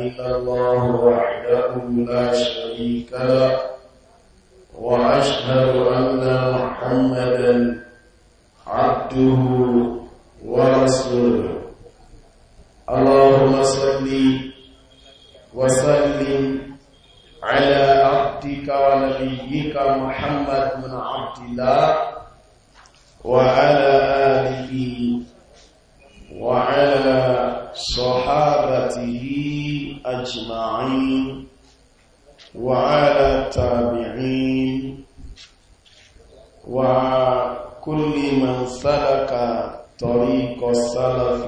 إلا الله وحده لا شريك له وأشهد أن محمدا عبده ورسوله اللهم صل وسلم على عبدك ونبيك محمد بن عبد الله وعلى آله وعلى صحابته أجمعين وعلى التابعين وكل من سلك طريق السلف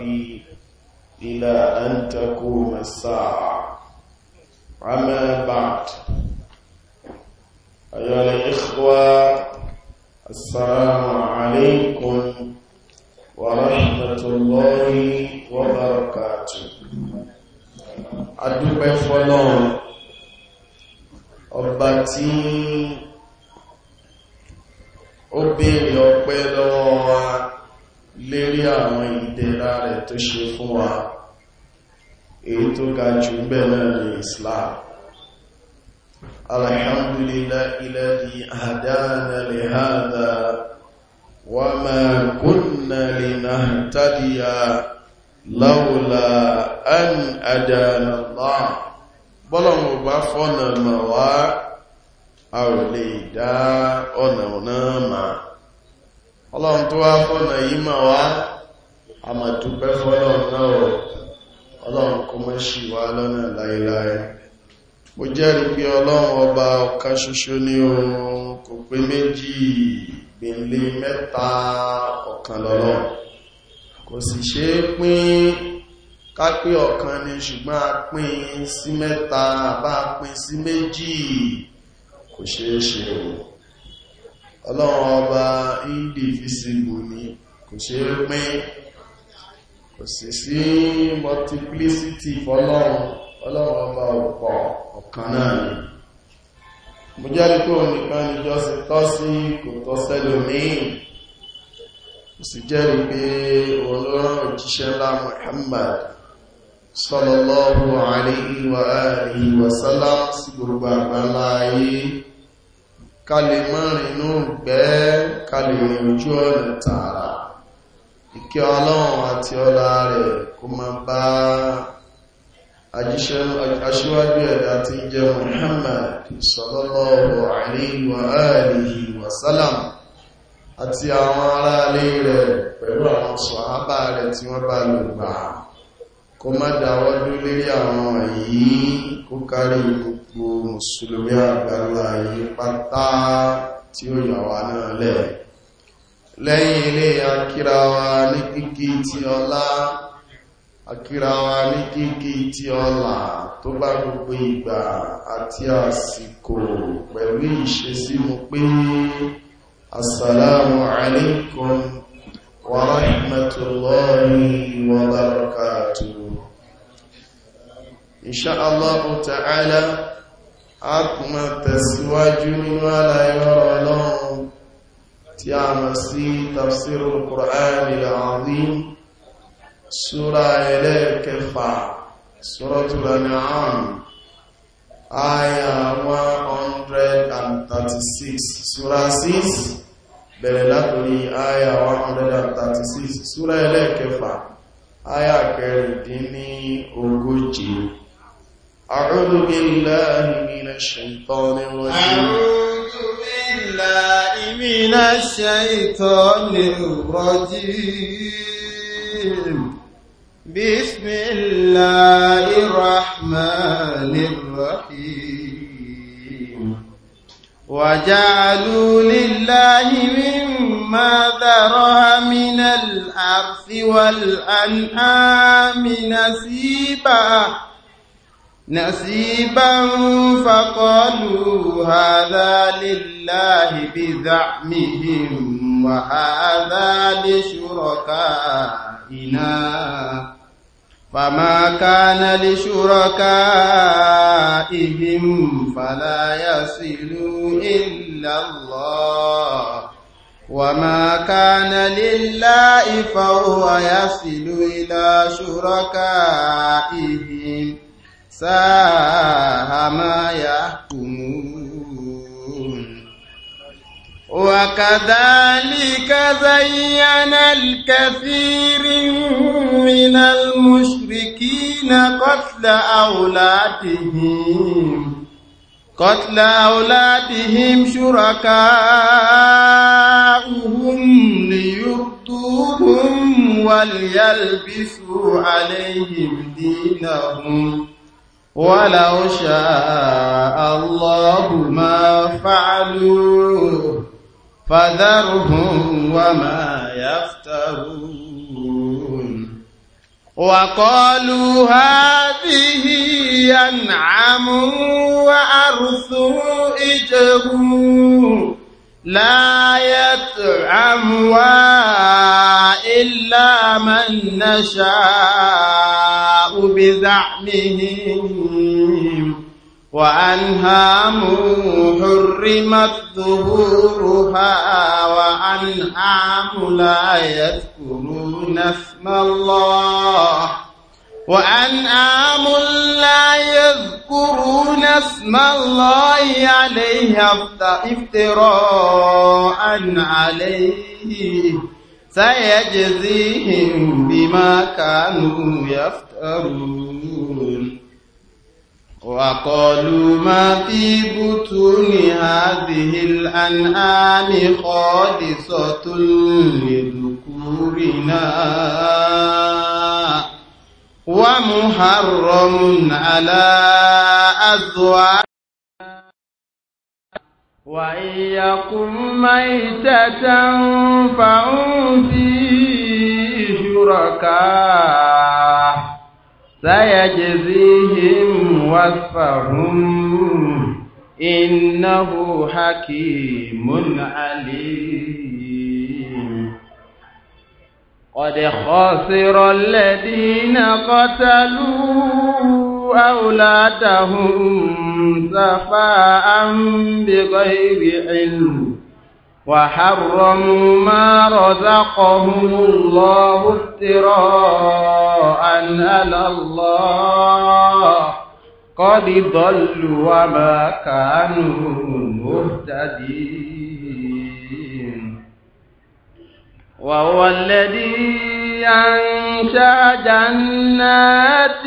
إلى أن تقوم الساعة أما بعد أيها الإخوة السلام عليكم ورحمة الله وبركاته adúpẹ́ fọ́lọ́run ọba tí ó bèèrè ọpẹ́ lọ́wọ́ wa lérí àwọn ìdẹ̀ra rẹ̀ tó ṣe fún wa èyí tó ga jù bẹ́ẹ̀ ní Islam alhamdulillah alladhi hadana li hadha wa ma kunna linahtadiya láwùlà an àdánàlá bọ́lọ̀wọ̀ bá fọ́nà mà wá a ò lè dá ọ̀nà náà mà ọlọ́run tó wá fọ́nà yí mà wá a mà dúpẹ́ fọ́lọ́run náà ọlọ́run mọ́ sí wá lọ́nà ọlọ́run kò sì ṣe é pín kápé ọ̀kan ni ṣùgbọ́n a pín sí mẹ́ta bá pín sí méjì kò ṣe é ṣe o ọlọ́run ọba indivisible ni kò ṣe é pín kò sì sí multiplicity fọ́lọ́run ọlọ́run ọba ọ̀pọ̀ ọ̀kan náà ni mo jẹ́rìí pé òun nìkan ni jọ́sìn tọ́ sí kò tọ́ sẹ́lòmíì sì jẹ́rì pé olóòrùn òjíṣẹ́ ńlá Muhammad sallallahu alayhi wa alihi wa sallam sí gbogbo àgbàlá ayé kalè mọ́rinú gbẹ́ kalè ojú ọ̀nà tààrà ìkẹ́ ọlọ́run àti ọlá rẹ̀ kó ma bá aṣíwájú ẹ̀dá tí jẹ́ Muhammad sallallahu alayhi wa alihi àti àwọn ará ilé rẹ̀ pẹ̀lú àwọn sọ̀hábà rẹ̀ tí wọ́n bá lò gbà kó má dáwọ́ dúlé àwọn èyí kó kárí gbogbo mùsùlùmí àgbàlá yìí pátá tí ó yàwá náà lẹ̀ lẹ́yìn ilé akírawa ní kíkí tí ọlá akírawa ní kíkí tí ọlá tó bá gbogbo ìgbà àti àsìkò pẹ̀lú ìṣesí mo pé السلام عليكم ورحمة الله وبركاته إن شاء الله تعالى أكما تسواجون ولا يرى لهم تيامسي تفسير القرآن العظيم سورة إليك فعل Suratul An'am Aya 136 Surah 6 bẹ̀rẹ̀ látòrí àyà 136 súra ẹlẹ́ẹ̀kẹfà àyà kẹrìndín ní ogójì أعوذ بالله من الشيطان الرجيم أعوذ بالله من الشيطان الرجيم بسم الله الرحمن الرحيم وجعلوا لله مما ذرها من الأرث والأنعام نسيبا نسيبا فقالوا هذا لله بزعمهم وهذا لشركائنا فما كان لشركائهم فلا يصلوا إلا الله وما كان لله فهو يصل إلى شركائهم ساء ما يحكمون وكذلك زين الكثير من المشركين قتل أولادهم قتل أولادهم شركاؤهم ليردوهم وليلبسوا عليهم دينهم ولو شاء الله ما فعلوه فذرهم وما يفترون وقالوا هذه ينعم وأرث إجه لا يطعم إلا من نشاء بزعمهم وأنهام حرمت ظهورها وأنعام لا يذكرون اسم الله وأنعام لا يذكرون اسم الله عليها افتراء عليه سيجزيهم بما كانوا يفترون وقالوا ما في بطون هذه الأنعام خالصة لذكورنا ومحرم على أزواجنا وإن يكن ميتة فهم فيه سيجزيهم وصفهم إنه حكيم عليم قد خسر الذين قتلوا أولادهم سفاء بغير علم وحرموا ما رزقهم الله افتراء أن الله قد ضلوا وما كانوا مهتدين وهو الذي ينشأ جنات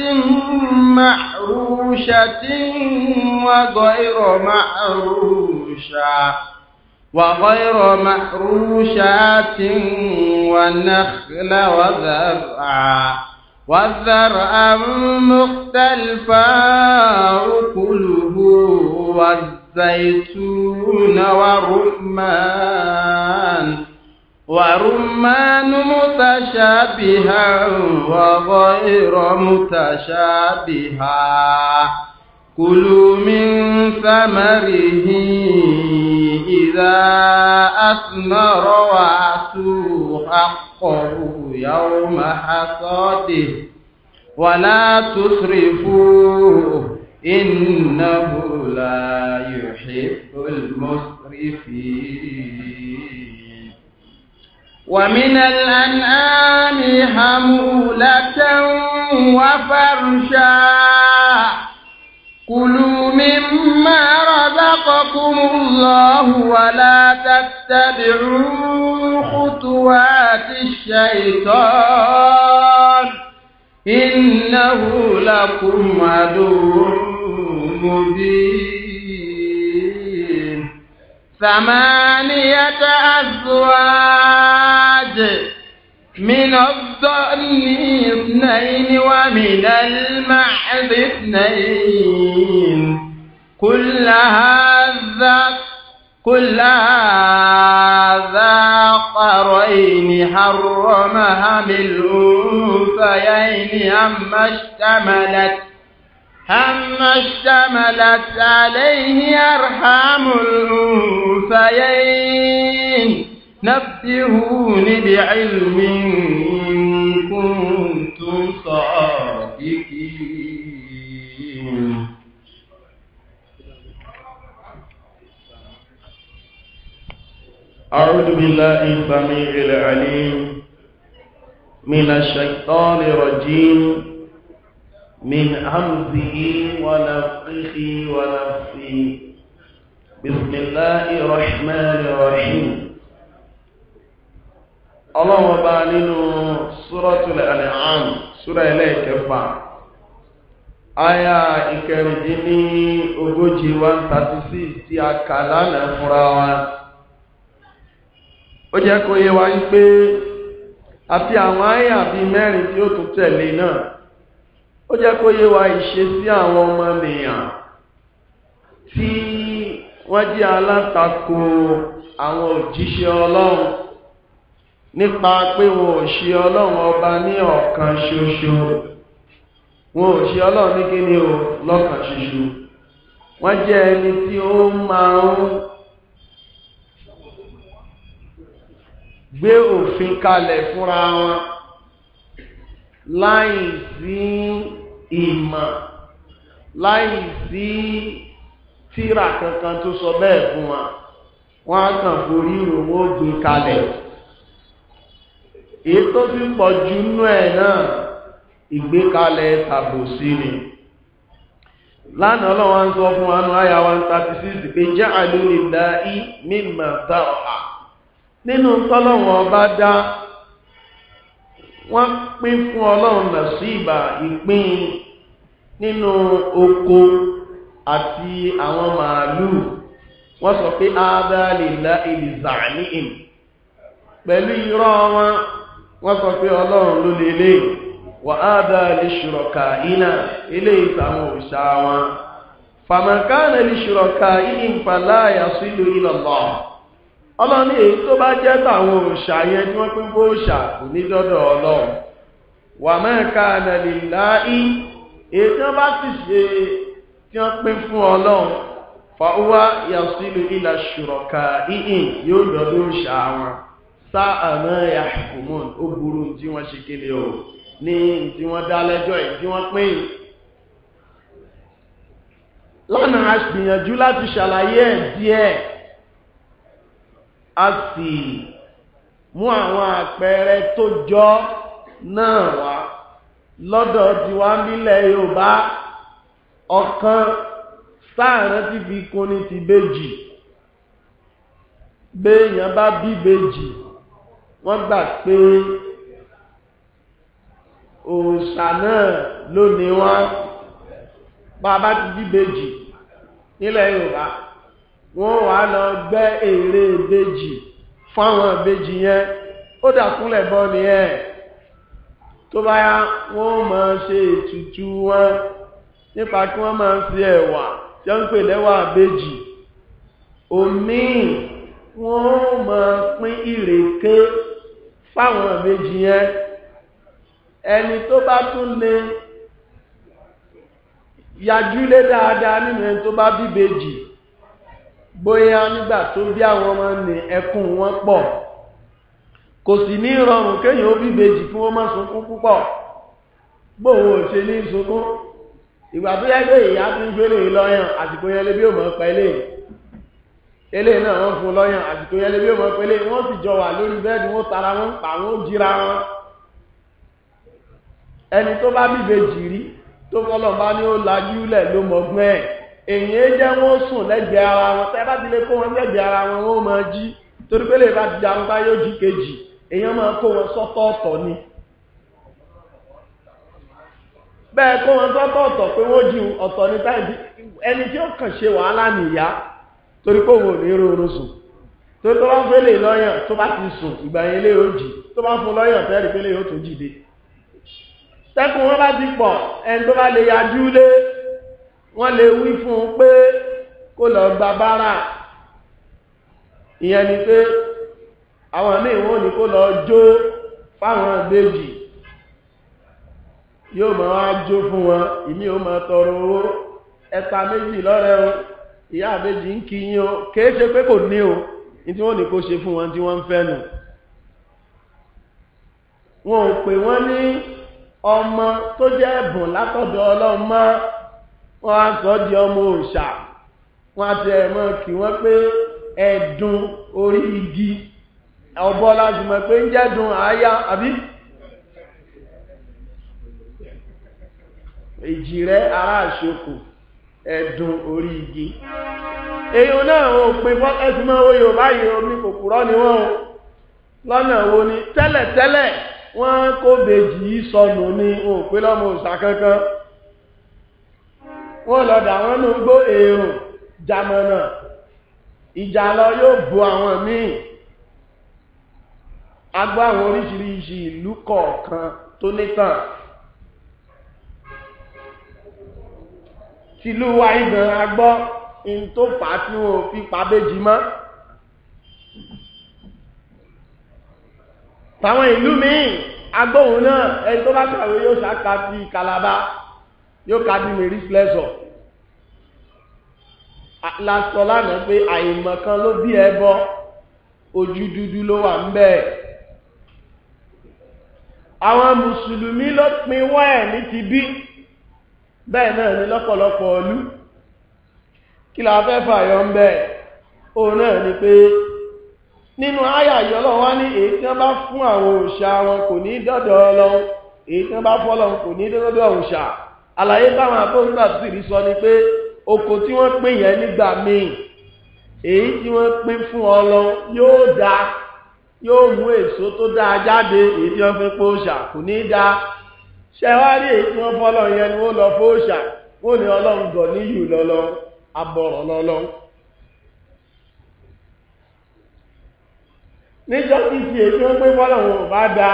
محروشة وغير محروشة وغير محروشات والنخل وزرعا وَالذَّرْعَ مُخْتَلِفًا أُكُلُهُ وَالزَّيْتُونَ وَالرُّمَّانَ وَرُمَّانُ مُتَشَابِهًا وَغَيْرَ مُتَشَابِهًا كلوا من ثمره إذا أثمر وعسوا حقه يوم حصاده ولا تسرفوه إنه لا يحب المسرفين ومن الأنعام حمولة وفرشا كلوا مما رزقكم الله ولا تتبعوا خطوات الشيطان إنه لكم عدو مبين ثمانية أزواج من الضأن اثنين ومن المعز اثنين كل هذا كل هذا قرين حرمها بالأنثيين أما اشتملت أما اشتملت عليه أرحام الأنثيين نبئوني بعلم إن كنتم صادقين أعوذ بالله السميع العليم من الشيطان الرجيم من همزه ونفخه ونفسه بسم الله الرحمن الرحيم ọlọ́run ọba nínú Suratul An'am súra ẹlẹ́ẹ̀kẹfà aya ìkẹrìndín ní ogójì 136 tí a kà lánàá fúnra wa ó jẹ́ kó yé wa pé àti àwọn aya bíi mẹ́rin tí ó tún tẹ̀lé náà ó jẹ́ kó yé wa àwọn ọmọ nìyàn tí wọ́n jẹ́ alátakò àwọn òjíṣẹ́ nípa pé wọn ò ṣe ọlọ́run ọba ní ọ̀kan ṣoṣo wọn ò ṣe ọlọ́run ní kí ni o lọ́kan ṣoṣo wọ́n jẹ́ ẹni tí ó máa ń gbé òfin kalẹ̀ fúnra wọn láì sí ìmọ̀ láì sí tírà kankan tó sọ bẹ́ẹ̀ fún wa wọ́n á kàn forí ìròwó gbé kalẹ̀. èyí tó ti pọ̀ jù nú ẹ̀ náà ìgbékalẹ̀ tàbòsí ni lánàá ọlọ́wọ́ ń sọ fún anú 136 pé já àlórí dáí mímọ̀ tàà nínú tọ́lọ́wọ́ bá dá wọ́n pín fún ọlọ́run nà sí ìbà ìpín nínú oko àti àwọn màálù wọ́n sọ pé ábá lè lá ìlìzà pẹ̀lú wọ́n sọ pé ọlọ́run ló lè lè wà á dá lè iná ilé ìtàwọn òṣà wọn fàmàkánà lè ṣùrọ̀kà yìí ń pàlá àyàsí ìlú ìlọ̀lọ̀ ọlọ́run èyí tó bá jẹ́ tàwọn òṣà yẹn tí wọ́n pín kò ní dọ́dọ̀ ọlọ́run wà lè èyí tí wọ́n bá sì ṣe tí wọ́n pín fún ọlọ́run fàwọn ìlú ìlà yìí yóò dọ́dọ̀ sáà náà ya kùmọ̀ ó burú tí wọ́n ṣe kéde o ní tí wọ́n dá lẹ́jọ́ yìí tí wọ́n pín lánàá a gbìyànjú láti ṣàlàyé ẹ̀ díẹ̀ a sì mú àwọn àpẹẹrẹ tó jọ náà wá lọ́dọ̀ tiwa nílẹ̀ Yorùbá ọ̀kan sáàrán ti fi kún ní ti bèjì béèyàn bá bí bèjì wọ́n gbà pé òòṣà náà lónìí wọ́n bàbá ti díbejì nílẹ̀ Yorùbá wọ́n wà lọ gbẹ́ ère ìbejì fáwọn ìbejì yẹn ó dàkúnlẹ̀ bọ́ ni ẹ̀ tó bá yá wọ́n máa ṣe ètùtù wọn nípa kí wọ́n máa fi ẹ̀wà tí wọ́n ń pè lẹ́wà ìbejì omi wọ́n máa pín ìrèké fáwọn méjì yẹn ẹni tó bá tún lè yajúlé dáadáa nínú ẹni tó bá bí bèjì bóyá nígbà tó bí àwọn ọmọ ní ẹkùn wọn pọ̀ kò sì ní rọrùn kéèyàn ó bí bèjì kí wọ́n má sunkún púpọ̀ gbòòwò ṣe ní sunkún ìgbà tó yẹ pé ìyá ti ń gbélé lọ́yàn àsìkò yẹn lé bí òmò pa eléyìí náà wọ́n fún lọ́yàn àsìkò yẹn lébí ọmọ pẹ̀lẹ́ wọ́n sì jọ wà lórí bẹ́ẹ̀dì wọ́n tara wọn pa wọn jíra wọn ẹni tó bá bíbe jìrí tó fọlọ́ bá ní ó lajú lẹ̀ ló mọ̀gbọ́n ẹ̀ èyí jẹ́ wọ́n sùn lẹ́gbẹ̀ẹ́ ara wọn tẹ́ bá ti lè kó wọn lẹ́gbẹ̀ẹ́ ara wọn wọ́n máa jí torí pé lè bá ti darun bá yóò jí kejì èyí máa kó wọn sọ́tọ̀ọ̀tọ̀ ni bẹ́ẹ̀ kó wọn sọ́tọ̀ọ̀tọ̀ pé wọ́n jí ọ̀tọ̀ ní táyì ẹni tí ó kàn ṣe wàhálà nìyá torí kó wò ní oorun sùn tó tó bá ń fẹ́ lè lọ́yàn tó bá ti sùn ìgbà yẹn lè ó jì tó bá ń fún lọ́yàn tẹ́rì pé lè ó tó jìde tẹ́kùn wọn bá ti pọ̀ ẹni tó bá lè yájú lé wọ́n lè wí fún un pé kó lọ gba bára ìyẹn ni pé àwọn míì wọ́n ní kó lọ jó fáwọn ìbejì yóò máa jó fún wọn ìmí ò máa tọrọ owó ẹ̀ta méjì lọ́rẹ̀ wọn ìyá àbẹ́jì ń kí yín o kìí ṣe pé kò ní o ní tí wọ́n ní kó ṣe fún wọn tí wọ́n ń fẹ́ nù wọn ò pè wọ́n ní ọmọ tó jẹ́ ẹ̀bùn látọ̀dọ̀ ọlọ́mọ wọ́n á sọ di ọmọ òòṣà wọ́n á ti ẹ̀mọ́ kí wọ́n pé ẹ̀dùn orí igi ọ̀bọ láti mọ̀ pé ń jẹ́dùn àáyá àbí èjì rẹ̀ ará àṣokò ẹ̀dùn orí igi èyàn náà wọn pin ẹ̀sùn máa wo yorùbá yìí omi kòkòrọ́ ni wọ́n lọ́nà wo ni tẹ́lẹ̀tẹ́lẹ̀ wọ́n kó bèjì sọnù ni wọn ò pé lọ́mọ òṣà kankan wọ́n lọ dà wọ́n nù gbó èrò jamọ̀nà ìjà lọ yóò bo àwọn míì agbó àwọn oríṣiríṣi ìlú kọ̀ọ̀kan tó létàn tìlú wa ìgbọ̀n agbọ́ in tó fà á tí wọn fi pàbéjì mọ́ táwọn ìlú míì agbóhùn náà ẹni tó bá kàwé yóò ṣàkà ti kalaba yóò ká di mèrí flẹ́sọ̀ lásọ lánàá pé àìmọ̀ kan ló bí ẹbọ ojú dúdú ló wà ń bẹ́ẹ̀ àwọn mùsùlùmí ló pin ẹ̀ ní ti bí bẹ́ẹ̀ náà ni lọ́pọ̀lọpọ̀ ọlú kí la fẹ́ fàyọ ń bẹ́ẹ̀ o náà ni pé nínú àyà yọ́lọ̀ wá ní èyí tí wọ́n bá fún àwọn òòṣà wọn kò ní dọ́dọ̀ ọlọ́run èyí tí wọ́n bá fọ́lọ̀ kò ní dọ́dọ̀ òòṣà àlàyé táwọn abóńgbà sì rí sọ ni pé oko tí wọ́n pín yẹn nígbà míì èyí tí wọ́n pín fún ọlọ́run yóò dáa yóò mú èso tó dáa jáde èyí tí wọ́n fi pòòṣà kò ní dáa ṣẹwárí ètò ọpọlọ yẹn ni ó lọ fóòṣà wọn ní ọlọ́run gọ̀ níyù lọlọ abọ̀rọ̀ lọlọ. níjọ́ tí ti ètò ó pé fọ́lọ̀ wọn bá da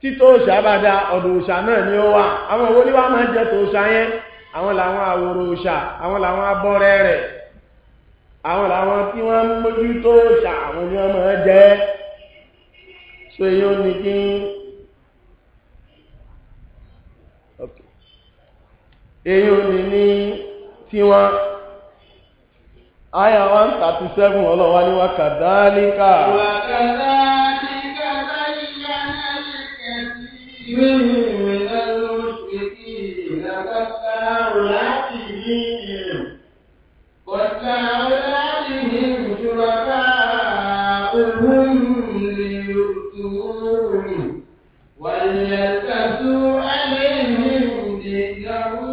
títò òṣà bá da ọ̀dọ̀ òṣà náà ni ó wà àwọn owó ní wá máa jẹ́ tó òṣà yẹn àwọn làwọn àwòrò òṣà àwọn làwọn abọ́rẹ́ rẹ̀ àwọn làwọn tí wọ́n mójútó òṣà àwọn ni wọ́n máa jẹ́ so èyí ní kí eyín ni ní Tiwa? àyà one thirty seven ọlọ́wà ní wàkàdánìkà. wàkàdánìkà láyé yára ṣe kẹ̀sí ìwé ìrìn lọ́wọ́ ṣe kí ìlàkàtà láti rí ìrìn. wàkà láti rí ìjọba òun lè tó rìn. wàlẹ̀ tàbí àlẹ́ ìrìn lè yàwó.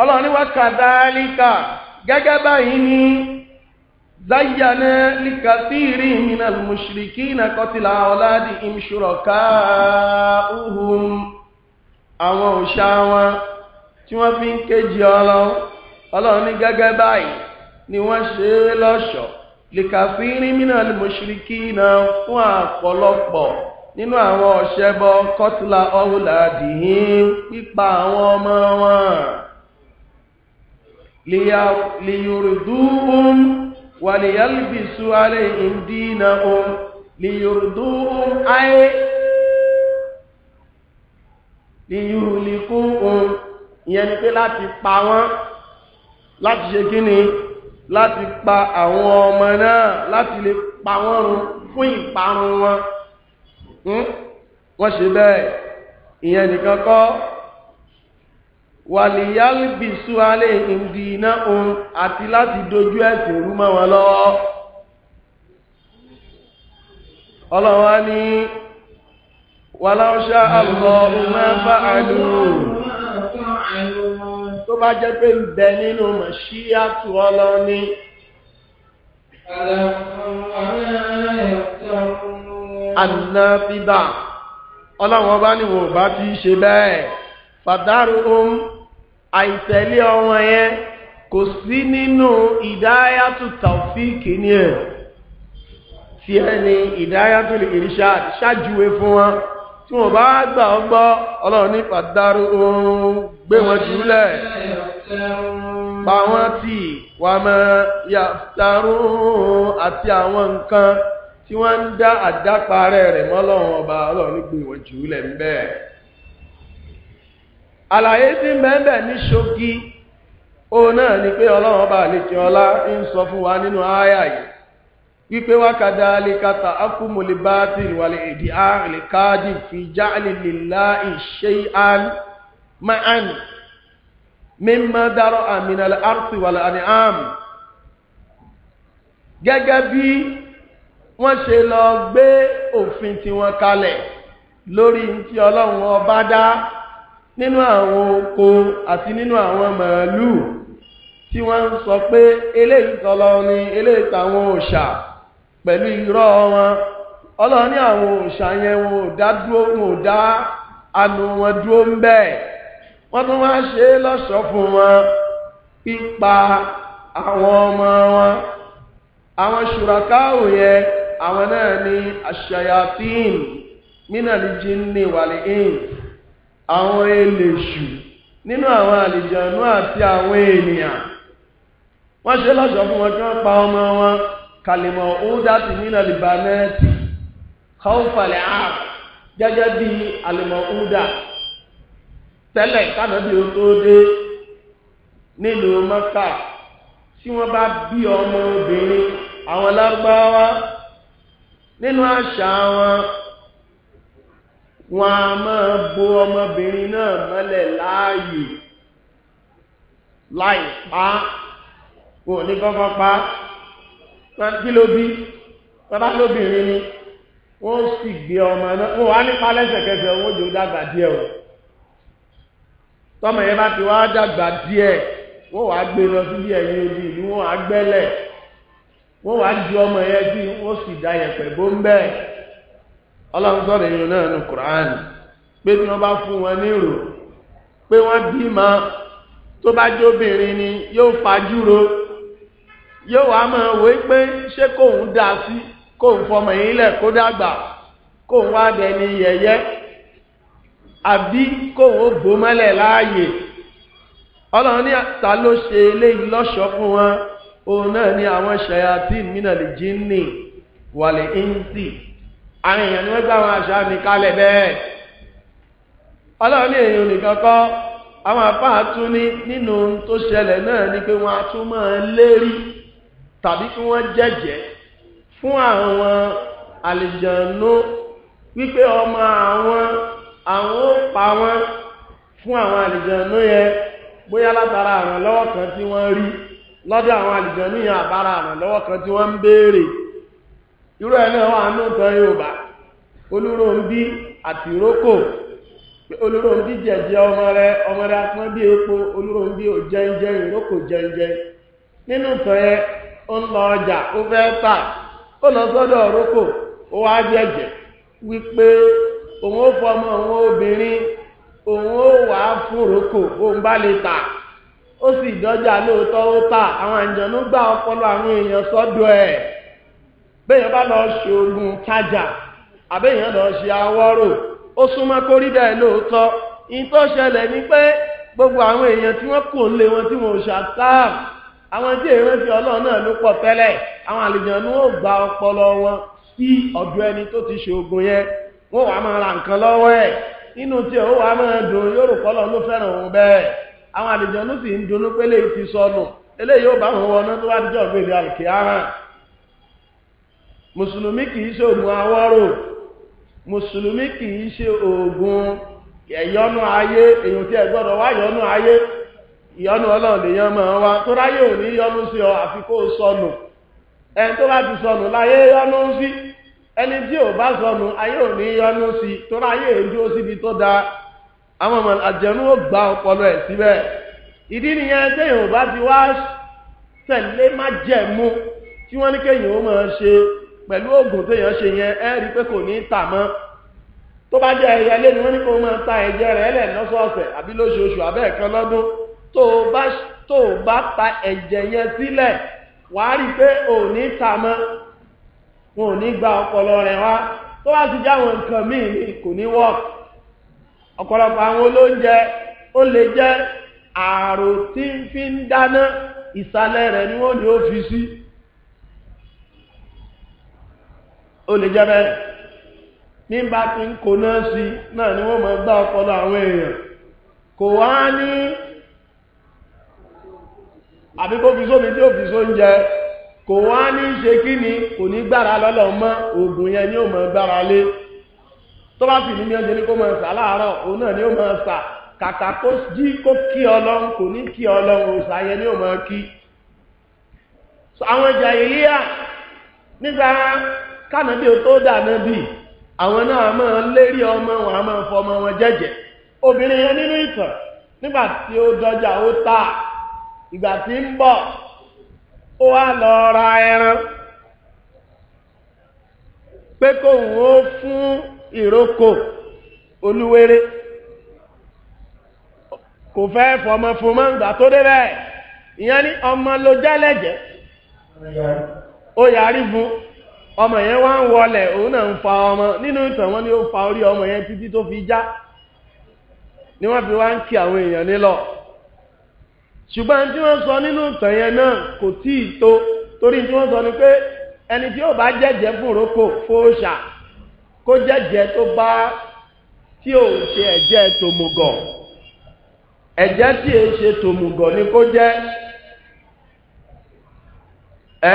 ọlọ́run ní wa kàdálíkà gẹ́gẹ́ báyìí ní zayyana likasiri minal mushrikina kọtìlá ọ̀làdì ìmṣúrọ̀ká uhum àwọn òṣà wọn tí wọ́n fi ń kéjì ọlọ́run ọlọ́run ní gẹ́gẹ́ báyìí ni wọ́n ṣe é lọ́ṣọ̀ọ́ likasiri minal mushrikina fún àpọ̀lọpọ̀ nínú àwọn ọ̀ṣẹ́bọ kọtìlá ọ̀làdì yìí pípa àwọn ọmọ wọn. ليرضوهم وليلبسوا عليهم دينهم ليرضوهم أي ليهلكوهم ìyẹn ni pé láti pa wọ́n láti ṣe kí ni láti pa àwọn ọmọ náà láti lè pa wọ́n run fún ìparun wọn hmm? wọ́n ṣe bẹ́ẹ̀ ìyẹn nìkan kọ́ wàlìyálìbì súwálé ìdí iná ohun àti láti dojú ẹ̀sìn rú mọ́ wọn lọ́wọ́ ọlọ́wọ́ ní wàláwọ́ṣá àlọ́ mẹ́fà àlú tó bá jẹ́ pé ń bẹ nínú mọ̀ṣíyàtù ọlọ́ni ànábíbà ọlọ́wọ́ bá ní wọ́n bá ti ṣe bẹ́ẹ̀ fàdárù ohun àìtẹ̀lé ọmọ yẹn kò sí nínú ìdáyàtú tàfíìkì ní ẹ̀ tí ẹ ní ìdáyàtú ìrìṣà ṣájúwe fún wọn tí wọ́n bá gbà ọgbọ́ ọlọ́run ní pàdárù oòrùn gbé wọn jùlẹ̀ pa wọ́n tí wà mọ́ yàtàrù àti àwọn nǹkan tí wọ́n ń dá àdáparẹ́ rẹ̀ mọ́lọ́run ọba ọlọ́run gbé wọn jùlẹ̀ ń bẹ́ẹ̀ àlàyé tí mẹ́bẹ̀ ní ṣókí ó náà ni pé ọlọ́run ọba lè ọlá ń sọ fún wa nínú àyà wípé wákàdá alikata akúmọ̀lì bá ti ìwàlẹ̀ èdè àrìlẹ̀ káàdì fi jáàlì lèlá ìṣe àn máàni àmì bí ṣe lọ gbé òfin tiwọn lórí nínú àwọn oko àti nínú àwọn màálù tí wọ́n ń sọ pé eléyìí tọ́lọ ni eléyìí tàwọn òòṣà pẹ̀lú irọ́ wọn ọlọ́run ní àwọn òòṣà yẹn wọn ò dá dúó wọn ò dá anu wọn dúó ń bẹ́ẹ̀ wọ́n tún wá ṣe é lọ́ṣọ̀ọ́ fún wọn pípa àwọn ọmọ wọn àwọn ṣùràkáwò yẹn àwọn náà ní àṣàyàtìn mínàlíjì ń ní wàlíhìn àwọn eléṣù nínú àwọn àlìjànú àti àwọn ènìyàn wọ́n ṣe lọ́ṣọ́ fún wọn tí wọ́n pa ọmọ wọn kàlìmọ̀ òúdàtì nínú libanẹ́ẹ̀tì kọ́ọ̀fàlẹ̀ àà gẹ́gẹ́ bí àlìmọ̀ òúdà tẹ́lẹ̀ kánàbí ó tó dé nílùú mọ́kà tí wọ́n bá bí ọmọ obìnrin àwọn lárúbáwá nínú àṣà wọn wọn a máa bo ọmọbìnrin náà mọ́lẹ̀ láàyè láì pa kò ní kọ́kọ́ pa kí ló bí tọ́lá lóbìnrin ni wọ́n sì gbé ọmọ náà wọ́n wá nípa lẹ́sẹ̀kẹsẹ̀ wọ́n jò dàgbà díẹ̀ o tọ́mọ yẹn bá ti wá dàgbà díẹ̀ wọ́n wá gbé lọ síbi ẹ̀yìn odi ìlú wọ́n wá gbẹ́lẹ̀ wọ́n wá ju ọmọ yẹn bí wọ́n sì da yẹ̀pẹ̀ bó ń bẹ́ẹ̀ ọlọ́run sọ̀rọ̀ èèyàn náà ní Qur'an pé tí wọ́n bá fún wọn ní ìrò pé wọ́n bímọ tó bá jóbìnrin ni yóò fajúro yóò wá máa wé pé ṣé kóun dá sí kóun fọmọ yìí lẹ̀ kó dàgbà kóun wá dẹni yẹ̀yẹ́ àbí kóun ó bò mọ́lẹ̀ láàyè ọlọ́run ní ta ló ṣe eléyìí lọ́ṣọ̀ọ́ fún wọn òun náà ní àwọn ṣayatí mínàlì jinni wàlẹ̀ íńsì àwọn èèyàn ni wọ́n gbá àwọn àṣà mi kalẹ̀ bẹ́ẹ̀ ọlọ́run ní èèyàn nìkan kọ́ àwọn àfáà tún ní nínú tó ṣẹlẹ̀ náà ni pé wọ́n á tún máa lérí tàbí kí wọ́n jẹ́jẹ́ fún àwọn àlìjànú wípé ọmọ àwọn àwọn ó pa wọn fún àwọn àlìjànú yẹn bóyá látara àrànlọ́wọ́ kan tí wọ́n rí lọ́dọ̀ àwọn àlìjànú yẹn àbára àrànlọ́wọ́ kan tí wọ́n ń béèrè irú ẹ̀ náà wà ní ọ̀tọ̀ Yorùbá olóró ń bí àti ìrókò olóró ń bí jẹ̀jẹ́ ọmọ rẹ ọmọ rẹ apọ́n bí epo olóró ń bí ò jẹ́ńjẹ́ ìrókò jẹ́ńjẹ́ nínú ó ń lọ ọjà ó fẹ́ tà ó lọ sọ́dọ̀ ó wá jẹ̀jẹ̀ wípé òun ó fọmọ òun obìnrin òun ó wà á fún bá lè tà ó sì dọ́jà lóòótọ́ ó tà bẹ́yàn bá lọ ṣe ogun chájà àbẹ́yàn lọ ṣe awọ́rò ó súnmọ́ kó rí bẹ́ẹ̀ lóòótọ́ in tó ṣẹlẹ̀ ní pé gbogbo àwọn èèyàn tí wọ́n kò lé wọn tí ṣàtàm àwọn tí èèyàn ti ọlọ́run náà ló pọ̀ tẹ́lẹ̀ àwọn ni ọpọlọ wọn sí ọ̀dọ̀ ẹni tó ti ṣe ogun yẹn wọ́n wàá máa ra nǹkan lọ́wọ́ ẹ̀ nínú ó wàá máa dùn ló fẹ́ràn òun bẹ́ẹ̀ àwọn ló sì ń dunú pé lè sọnù eléyìí ó bá wọn mùsùlùmí kìí ṣe ògùn awọ́rò mùsùlùmí kìí ṣe ògùn ẹ̀yọ́nú ayé èyàn tí ẹ gbọ́dọ̀ wá yọ́nú ayé ìyọ́nú ọlọ́run lèyàn máa wá tó ráyè ò ní yọ́nú sí ọ àfi kó sọnù ẹni tó bá ti sọnù láyé yọ́nú sí ẹni tí ò bá sọnù ayé ò ní yọ́nú sí tó ráyè ojú ó síbi tó dáa àwọn ọmọ àjẹnú ò gba ọpọlọ ẹ síbẹ̀ ìdí nìyẹn téèyàn ò bá ti wá tẹ̀lé májẹ̀mú tí wọ́n ní kéèyàn ó máa ṣe pẹ̀lú oògùn téèyàn ṣe yẹn ẹ rí i pé kò ní í tà mọ́ tó bá jẹ́ ẹyẹ lé ni wọ́n ní kó máa ta ẹ̀jẹ̀ rẹ̀ ẹlẹ̀ lọ́sọ̀ọ̀sẹ̀ àbí lóṣooṣù abẹ́ẹ̀kan lọ́dún tó bá tó bá ta ẹ̀jẹ̀ yẹn sílẹ̀ wàá rí i pé ò ní í tà mọ́ wọn ò ní gba ọpọlọ rẹ̀ wá tó bá ti jáwọn nǹkan míì ni kò ní wọ́ọ̀kì ọ̀pọ̀lọpọ̀ àwọn olóúnjẹ ó lè jẹ́ ààrò tí ń fi ń dáná ìsàlẹ̀ rẹ̀ ni wọ́n ní ó fi sí. ó lè jẹ́ bẹ́ẹ̀ ní bá ń kò náà sí náà ni wọ́n mọ̀ gbá ọpọlọ àwọn èèyàn kò wá ní àbí kó fi sómi tí ó fi só ń jẹ kò wá ní ṣe kí ni kò ní gbára lọ́lọ́ mọ́ oògùn yẹn ni ó mọ̀ gbára lé tó bá sì ní ní ọjọ́ ní kó mọ̀ sà láàárọ̀ òun náà ni ó mọ̀ sà kàkà kó jí kó kí ọlọ́run kò ní kí ọlọ́run òsà yẹn ni ó mọ̀ kí àwọn ìjà ìlíyà nígbà kánàbí o tó dà náà bí àwọn náà máa lérí ọmọ wọn a máa fọmọ wọn jẹ́jẹ́ obìnrin yẹn nínú ìtàn nígbà tí ó dọjà ó tà ìgbà tí ń bọ̀ ó wá lọ ra ẹran pé ó fún olúwere kò fẹ́ fọmọ fún mọ́ ìgbà tó dé bẹ́ẹ̀ ìyẹn ọmọ ọmọ yẹn wá ń wọlẹ̀ òun náà ń fa ọmọ nínú ìtàn wọn ni ó fa orí ọmọ yẹn títí tó fi já ni wọn fi wá ń kí àwọn èèyàn nílọ ṣùgbọ́n tí wọ́n sọ nínú ìtàn yẹn náà kò tí ì tó torí tí wọ́n sọ ni pé ẹni tí yóò bá jẹ́jẹ́ fún roko fóòṣà kó jẹ́jẹ́ tó bá tí ò ṣe ẹ̀jẹ̀ tòmùgọ̀ ẹ̀jẹ̀ tí è ṣe tòmùgọ̀ ni kó jẹ́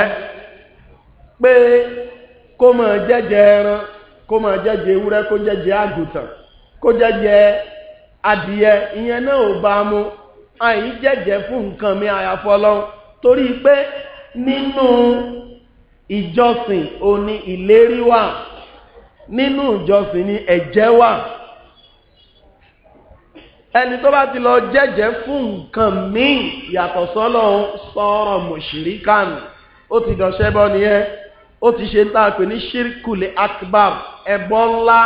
ẹ. Eh? pé kó jeje jẹ́jẹ ẹran kó máa jẹ́jẹ ewúrẹ́ kó jẹ́jẹ àgùntàn kó jẹ́jẹ adìyẹ ìyẹn náà ò bá mu àyí jẹ́jẹ fún nǹkan mi àyàfọlọ́ torí pé nínú ìjọsìn òní ìlérí wà nínú ìjọsìn ni ẹ̀jẹ̀ wà ẹni tó bá ti lọ jẹ́jẹ́ fún nǹkan míì yàtọ̀ sọ́lọ́run sọ̀rọ̀ mùṣìríkàn ó ti dọ̀ṣẹ́ bọ́ ó ti ṣe tá a pè ní ṣírkùlẹ̀ akbar ẹbọ ńlá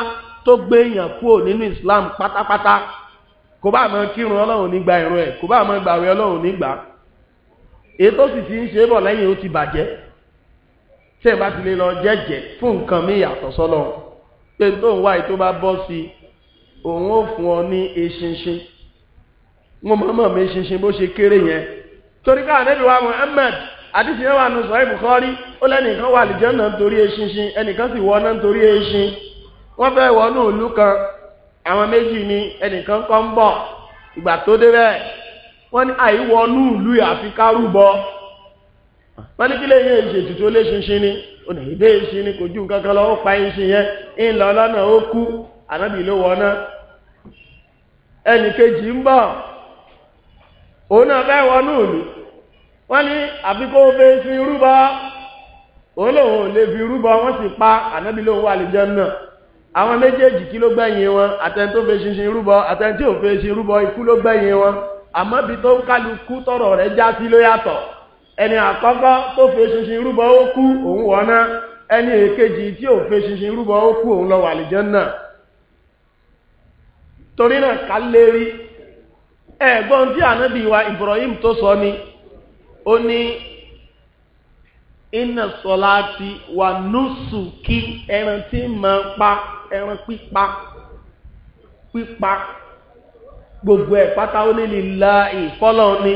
tó gbéyàn kúrò nínú islam pátápátá kò bá máa kírun ọlọ́run nígbà ìrun ẹ̀ kò bá máa gbàwẹ̀ ọlọ́run nígbà èyí tó sì ti ń ṣe é bọ̀ lẹ́yìn ó ti bàjẹ́ tí ẹ̀ bá ti lè lọ jẹ́jẹ́ fún nǹkan mi yàtọ̀ sọ́lọ́ pé tó ń wá èyí bá bọ́ sí òun ó fún ọ ní eṣinṣin wọn mọ̀ mọ̀ mi eṣinṣin bó ṣe kéré yẹn torí káà nẹ́bí wa Muhammad àdìsí yẹn wà nù sọ ìbùkọ́rí ó lẹ́nìkan wà lìjẹ́ náà nítorí eṣinṣin ẹnìkan sì wọ náà nítorí eṣin wọ́n fẹ́ wọnú kan àwọn méjì ni ẹnìkan kọ́ ń bọ̀ ìgbà tó débẹ̀ wọ́n ní àìwọnú ìlú àfi wọ́n ní kí lè yẹn tó léṣinṣin ni ó nà pa yẹn ń lọ lọ́nà ó wọ náà ẹnìkejì ń bọ̀ òun náà fẹ́ wọnú wọ́n ní àfikún fẹ́ fi rúbọ òun lòun lè fi rúbọ wọ́n sì pa ànábì lòun wà lè jẹun náà àwọn méjèèjì kí ló gbẹ̀yìn wọn àtẹni tó fẹ́ ṣinṣin rúbọ àtẹni tí ò fẹ́ ṣin rúbọ ikú ló gbẹ̀yìn wọn àmọ́ bí tó ń kálukú tọrọ rẹ̀ já sí ló yàtọ̀ ẹni àkọ́kọ́ tó fẹ́ ṣinṣin rúbọ ó kú òun wọ̀ná ẹni èkejì tí ò fẹ́ ṣinṣin rúbọ ó kú òun lọ wà lè jẹun náà torí náà ká ẹ̀gbọ́n tí ànábì wa Ibrahim tó sọ ni ó ní iná sọlá ti wà nùsù kí ẹran tí máa pa ẹran pípa pípa gbogbo ẹ̀ pátá ó nílì la ìfọ́lọ́ ni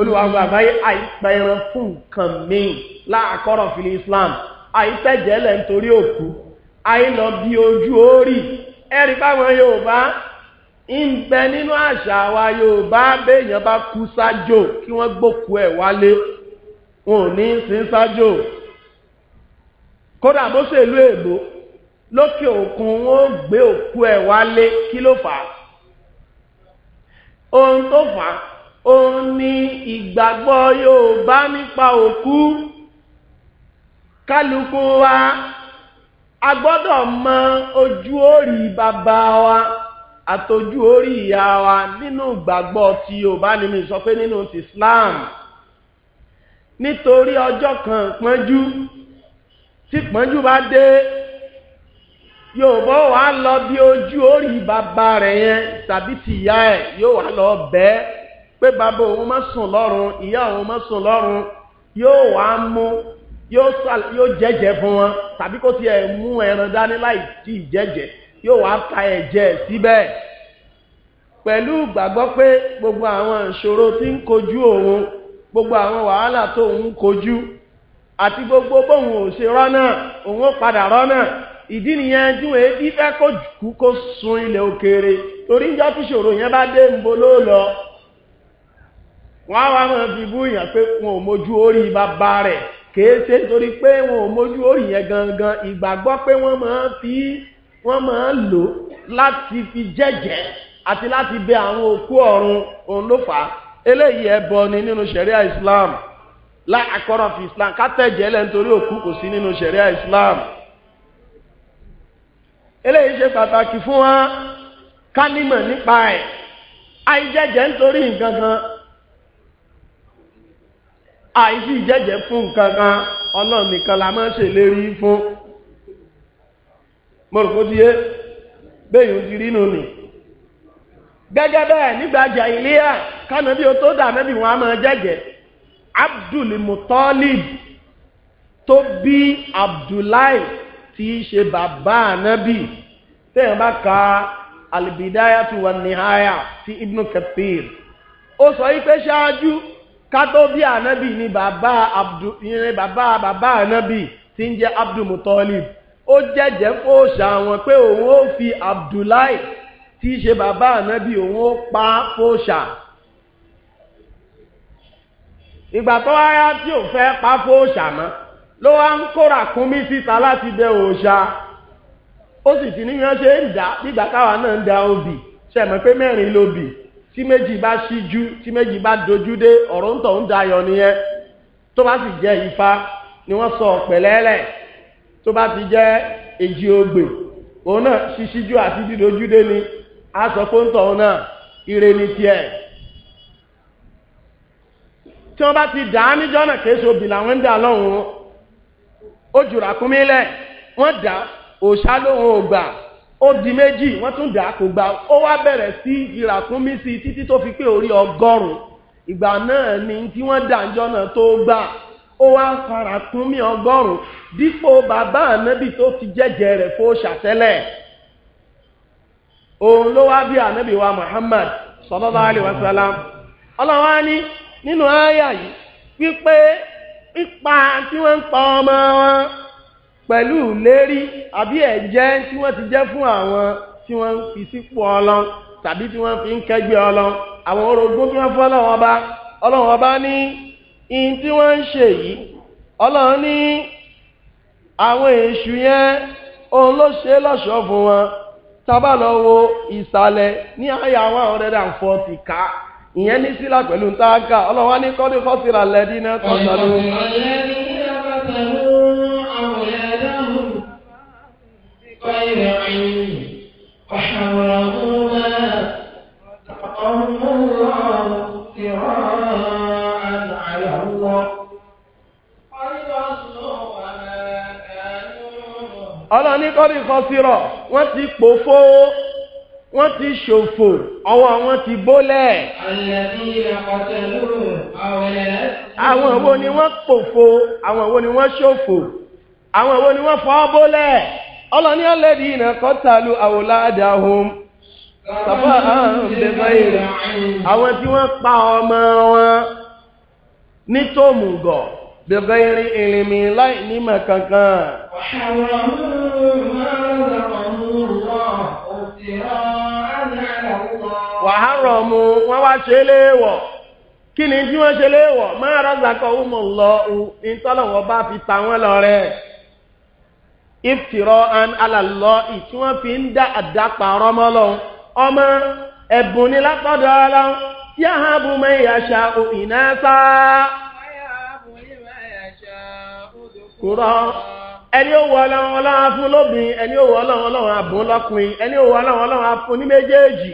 olùwàgbà àbáyé àìpẹ́ ẹran fún nǹkan míì láàkọ́rọ̀ fìlì Islam àìpẹ́ jẹ́lẹ̀ nítorí òkú àìlọ bí ojú orí ẹ̀rí báwọn Yorùbá ń bẹ nínú àṣà wa yorùbá béèyàn bá kú sájò kí wọ́n gbókú ẹ̀ wálé wọn ò ní sin sájò kódà bó ṣèlú èbó lókè òkun wọn ò gbé òkú ẹ̀ wálé kí ló fà á ohun tó fà á òun ni ìgbàgbọ́ yorùbá nípa òkú kálukú wa a gbọ́dọ̀ mọ ojú òrì bàbá wa àtọ́jú orí ìyá wa nínú ìgbàgbọ́ ti Yorùbá ni mi sọ pé nínú ti Islam nítorí ọjọ́ kan pọ́njú tí pọ́njú bá dé Yorùbá wà lọ bí ojú orí bàbá rẹ̀ yẹn tàbí ti ìyá ẹ̀ yóò wà lọ bẹ́ẹ̀ pé bàbá òun má sùn lọ́rùn ìyá òun má sùn lọ́rùn yóò wá mú yóò jẹ́jẹ́ fún wọn tàbí kó tiẹ̀ mú ẹran dání láì tí jẹ́jẹ́ yóò wá ka ẹ̀jẹ̀ síbẹ̀ pẹ̀lú gbàgbọ́ pé gbogbo àwọn ìṣòro tí ń kojú òun gbogbo àwọn wàhálà tó ń kojú àti gbogbo bóun ò ṣe rọ́nà òun ó padà rọ́nà ìdí nìyẹn tí wọ́n ti fẹ́ kó jù kó sun ilẹ̀ òkèèrè torí ń jọ́ tí ṣòro yẹn bá dé ń bo lọ wọ́n á wá máa fi bú èèyàn pé wọn ò mójú orí bàbá rẹ̀ kèé torí pé wọn ò mójú orí yẹn gangan ìgbàgbọ́ pé wọ́n máa fi wọ́n máa ń lò láti fi jẹ́jẹ́ àti láti bẹ àwọn òkú ọ̀run òun ló fà á eléyìí ẹbọ ni nínú sẹ̀ríà Islam láì akọ́rọ̀ fi Islam kátẹ́jẹ́ lẹ́ nítorí òkú kò sí nínú sẹ̀ríà Islam eléyìí ṣe pàtàkì fún wa ká nípa ẹ̀ àìjẹ́jẹ́ nítorí nǹkan kan àìsí ìjẹ́jẹ́ fún nǹkan kan ọlọ́run nìkan la máa ń ṣèlérí fún. mọ̀rọ̀ kó ti yé bẹ́yìn ti rí nù nì gẹ́gẹ́ bẹ́ẹ̀ nígbà jàìlíyà kánàbí o tó dà mẹ́bí wọn a máa jẹ́jẹ́ Abdul Muttalib tó bí Abdullahi tí í ṣe bàbá ànábì tẹ́yàn bá ka al-Bidayatu wan-Nihaya ti Ibn Kathir ó sọ yí ṣáájú ká tó bí ànábì ni bàbá bàbá ànábì ń jẹ́ Abdul ó jẹ́jẹ́ fòòṣà wọn pé òun ó fi Abdullahi tí ṣe bàbá ànábì òun ó pa fòòṣà ìgbà tó wáyá tí ò fẹ́ pa fòòṣà mọ́ ló wá ń kóra kúnmí síta láti bẹ òòṣà ó sì ti ní wọ́n ṣe ń dá nígbà táwa náà ń da obì ṣe mọ̀ pé mẹ́rin lobì tí méjì bá ṣíjú tí méjì bá dojú dé ọ̀rọ̀ ń tọ̀ ń dayọ̀ nìyẹn tó bá sì jẹ́ ifá ni wọ́n sọ ọ̀pẹ̀lẹ́lẹ̀ tó bá ti jẹ́ èjì ogbè òun náà ṣíṣíjú àti dídójúdé ni a sọ pé ń tọ̀hún náà ire ni tiẹ̀ tí wọ́n bá ti dà á níjọ́ náà kéèso bì làwọn ń dà lọ́hùn ó jùrà kúmílẹ̀ wọ́n dà òṣà lóhun ò gbà ó di méjì wọ́n tún dà á kò gbà ó wá bẹ̀rẹ̀ sí ìràkúnmí sí títí tó fi pé orí ọgọ́rùn-ún ìgbà náà ni tí wọ́n dà ń náà tó gbà ó wá ń fara kún mí ọgọ́rùn-ún dípò bàbá ànábì tó ti jẹ́jẹ́ rẹ̀ fó ṣàtẹ́lẹ̀ òun ló wá bí ànábì wa Muhammad sallallahu alaihi wasallam ọlọ́wọ́ á ní nínú àyà yìí wípé pípa tí wọ́n ń pa ọmọ wọn pẹ̀lú lérí àbí ẹ̀jẹ̀ tí wọ́n ti jẹ́ fún àwọn tí wọ́n ń fi sípò ọlọ́n tàbí tí wọ́n fi ń kẹ́gbẹ́ ọlọ́n àwọn orogbó tí wọ́n fọ́ ọlọ́wọ́ ọba ọlọ́wọ́ ọba ní in tí wọ́n ń ṣe yìí ọlọ́run ní àwọn èṣù yẹn òun ló ṣe lọ́ṣọ́ fún wọn tábà lọ wo ìsàlẹ̀ ní àyà one hundred and forty ká ìyẹn ní sílà pẹ̀lú táàkà ọlọ́run ní kọ́dé kọ́sìrà lẹ́dí náà tó إله الله ọlọ́run ní kọ́bí kan sírọ̀ wọ́n ti pòfó wọ́n ti ṣòfò ọwọ́ wọn ti bólẹ̀. àwọn wo ni wọ́n pòfó àwọn wo ni wọ́n ṣòfò àwọn wo ni wọ́n fọ́ bólẹ̀ ọlọ́run ní ọlẹ́dì ní tòmùgọ̀ bẹ̀rẹ̀ irin ìrìnmì láì nímọ̀ kankan wàhárọ̀ mú wọ́n wá ṣe léèwọ̀ kí ni tí wọ́n ṣe léèwọ̀ máa rọ́gbàkọ̀ ọmọ lọ ìtọ́lọ̀wọ̀ bá fi ta wọ́n lọ rẹ̀ ìfìrọ̀ alàlọ́ ìtí wọ́n fi ń dá àdáparọ́ mọ́ lọ́hùn ọmọ ẹ̀bùn ni látọ̀dọ̀ ọlọ́hun yáhábùmẹ́ ìyàṣà òhìnà sáà kò rọ ẹni ó wọ ọlọ́run ọlọ́run afún ẹni ó wọ ọlọ́run ọlọ́run abùn lọ́kùnrin ẹni ó wọ ọlọ́run ọlọ́run ní méjèèjì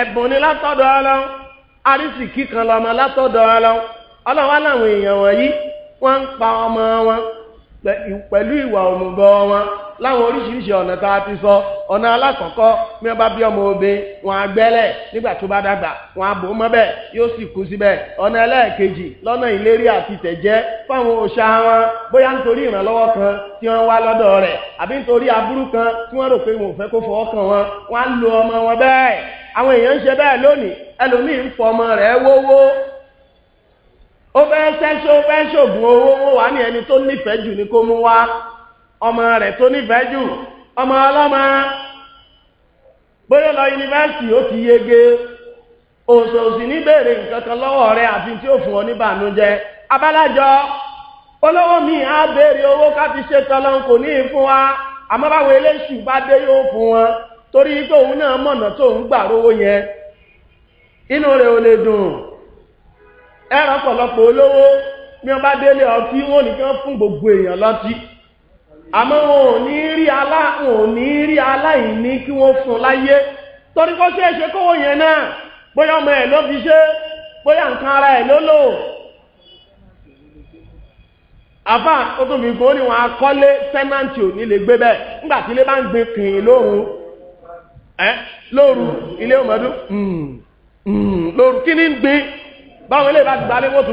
ẹ̀bùn ni látọ̀dọ̀ ọlọ́run lọ́mọ látọ̀dọ̀ ọlọ́run ọlọ́run aláwọn èèyàn wọ̀nyí ọmọ wọn pẹ̀lú ìwà wọn láwọn oríṣiríṣi ọ̀nà tá a ti sọ ọ̀nà alákọ̀ọ́kọ́ bí wọ́n bá bí ọmọ obe wọn á gbẹ́lẹ̀ nígbà tó bá dàgbà wọn á bò mọ́bẹ̀ yóò sì kú síbẹ̀ ọ̀nà ẹlẹ́ẹ̀kejì lọ́nà ìlérí àti tẹ̀jẹ́ fáwọn òòṣà wọn bóyá nítorí ìrànlọ́wọ́ kan tí wọ́n wá lọ́dọ̀ rẹ̀ àbí nítorí aburú kan tí wọ́n rò pé ọmọ rẹ̀ tó nífẹ̀ẹ́ jù ọmọ ọlọ́mọ bóyá lọ yunifásitì ó ti yege òsòsì ní bèèrè nǹkankan lọ́wọ́ rẹ̀ àti tí ó fún ọ níbànújẹ́ abálájọ olówó mi á owó ká fi ṣe kò ní wa eléṣù bá dé yóò fún wọn torí pé òun náà mọ̀nà tó ń gbà rówó yẹn inú rẹ̀ ò lè dùn ẹ̀rọ olówó gbogbo èèyàn àmọ́ wọn ò ní rí alá wọn ò ní rí kí wọ́n fún láyé torí kó ṣe é kówó yẹn náà bóyá ọmọ ẹ̀ ara ẹ̀ ló lò àbá fi gbó ní wọn akọ́lé tẹ́nàntì ò lè gbé bẹ́ẹ̀ nígbà ilé bá ń lóru lóru ilé ọmọdún lóru kí ní ń báwọn ilé bá ti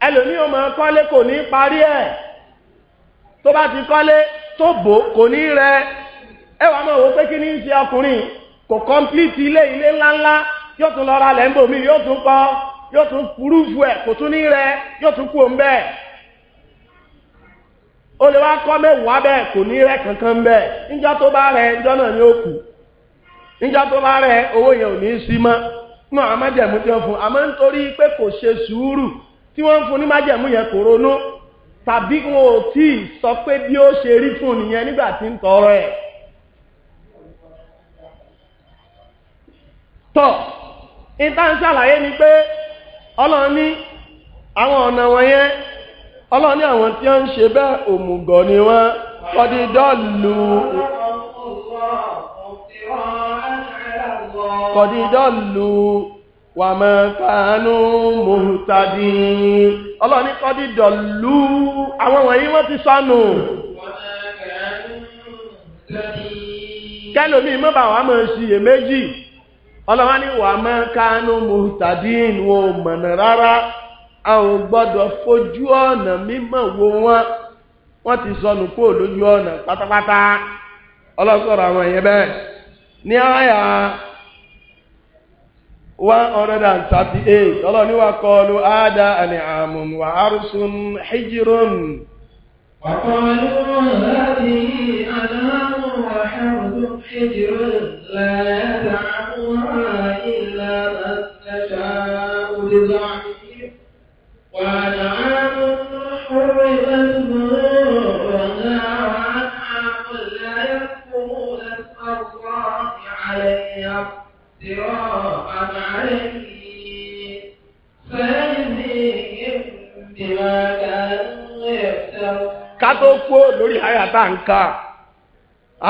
ẹlòmí o máa kọ́lé kò ní parí ẹ̀ tó bá ti kọ́lé tó bò kò ní rẹ ẹwà máa wo pé kí ní ṣe ọkùnrin kò kọ́mplìtì ilé ilé ńláńlá yóò tún lọ́ra lẹ́ńbò mi yóò tún kọ́ yóò tún púrúfù ẹ̀ kò tún ní rẹ yóò tún kú kankan níjọ́ tó bá rẹ níjọ́ náà ni ó kù níjọ́ rẹ owó yẹn ò ní í sí mọ́ tí wọ́n ń fún ní májẹ̀mú yẹn kò ronú tàbí wọn ò tí ì sọ pé bí ó ṣe rí fún nìyẹn nígbà tí ń tọrọ ẹ̀ tọ́ ìta ń ni pé ọlọ́run ní àwọn ọ̀nà wọ̀nyẹn ọlọ́run ní àwọn tí ó ń ṣe bẹ́ẹ̀ òmùgọ̀ ni wọ́n kọ́dí dọ́ọ̀lù kọ́dí dọ́ọ̀lù wà mọ́ kánú mọ̀tàdì ọlọ́ni kọ́dí dọ̀lú àwọn wọ̀nyí wọ́n ti sọnù kẹ́lòmí mọ́bà wà mọ́ sí èméjì ọlọ́wọ́n ni wà mọ́ kánú mọ̀tàdì wọn ò mọ̀nà rárá gbọ́dọ̀ fojú ọ̀nà mímọ̀ wo wọn wọ́n ti sọnù kó lójú ọ̀nà pátápátá ọlọ́sọ̀rọ̀ àwọn bẹ́ẹ̀ one hundred and thirty-eight ọlọ́ni wa kọlu ada àni àmùn wa arúsùn hijirun. وقالوا هذه أنهار وحرد حجر لا يدعمها إلا من نشاء بزعمهم وأنعام حرمت táǹkà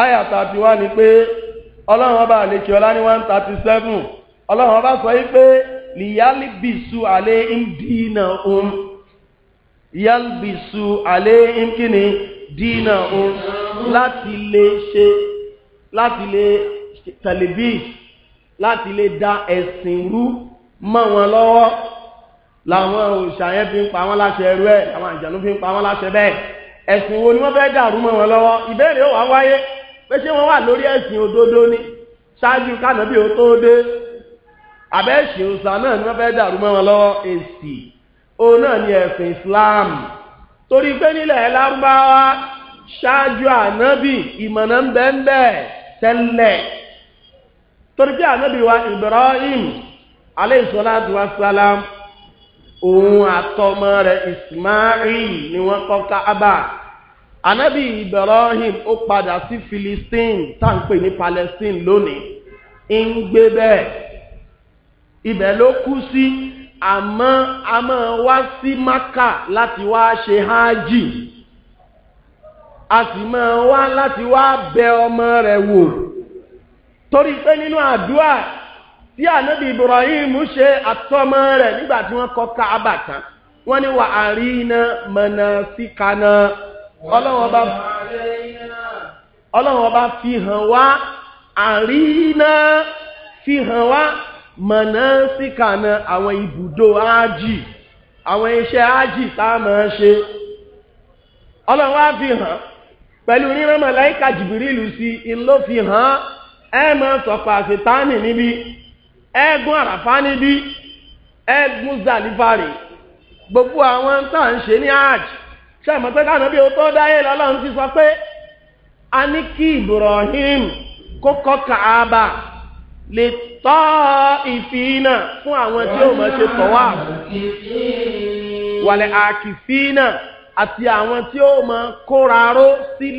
àyà tàbí wá ni pé ọlọ́run ọba àlejò ọlá ní one thirty seven ọlọ́run ọba sọ yí pé lìyálìbìsù àlẹ́ ń dínà òun yálìbìsù àlẹ́ ń kíni dínà òun láti lè ṣe láti lè tẹlifíṣ láti lè da ẹ̀sìn rú mọ́ wọn lọ́wọ́ làwọn òòṣà fi ń pa wọ́n láṣẹ ẹrú ẹ̀ làwọn àjànú fi ń pa wọ́n láṣẹ bẹ́ẹ̀ ẹ̀sìn wo ni wọ́n fẹ́ dàrú mọ́ wọn lọ́wọ́ ìbéèrè ó wá wáyé pé ṣé wọ́n wà lórí ẹ̀sìn òdodo ni ṣáájú kánàbí ó tó dé àbẹ́ ẹ̀sìn òsà náà ni wọ́n fẹ́ dàrú mọ́ wọn lọ́wọ́ èsì òun náà ni ẹ̀sìn Islam torí pé nílẹ̀ lárúbáwá ṣáájú ànábì ìmọ̀nà ń bẹ ń bẹ tẹ́lẹ̀ torí pé ànábì wa Ibrahim aleyhisalatu wasalam òun àtọmọ rẹ̀ ismail ni wọ́n kọ́ káábà anabi ibrahim ó padà sí philistine tá ní palestine lónìí ń gbé bẹ́ẹ̀ ibẹ̀ ló kú sí àmọ́ a máa wá sí maka láti wá ṣe hajj a sì máa wá láti wá bẹ ọmọ rẹ̀ wò torí pé nínú àdúrà tí ànábì Ibrahim ṣe àtọmọ rẹ̀ nígbà tí wọ́n kọ́ káàbà tán wọ́n ní wà àríná mọ̀nà síkaná ọlọ́run ọba fi hàn wá àríná fi hàn wá mọ̀nà síkaná àwọn ibùdó ájì àwọn iṣẹ́ ájì tá a máa ṣe ọlọ́run wá fi hàn pẹ̀lú rírán màláíkà jìbìrìlù sí i fi hàn ẹ̀ máa sọ̀pọ̀ àṣetánì níbi ẹ̀gún àràfá níbí ẹ̀gún zàlífàrè gbogbo àwọn tá à ń ṣe ní hajj sẹ́mọ̀tẹ́ káàná bí o tó dáyé lọ́lọ́run ti sọ pé a ní kí Ibrahim kó kọ́ Kaaba lè tọ́ ìfìnà fún àwọn tí ó máa ṣe tọ́wà wàlẹ̀ àkìfìnà àti àwọn tí ó máa kóraró sílé.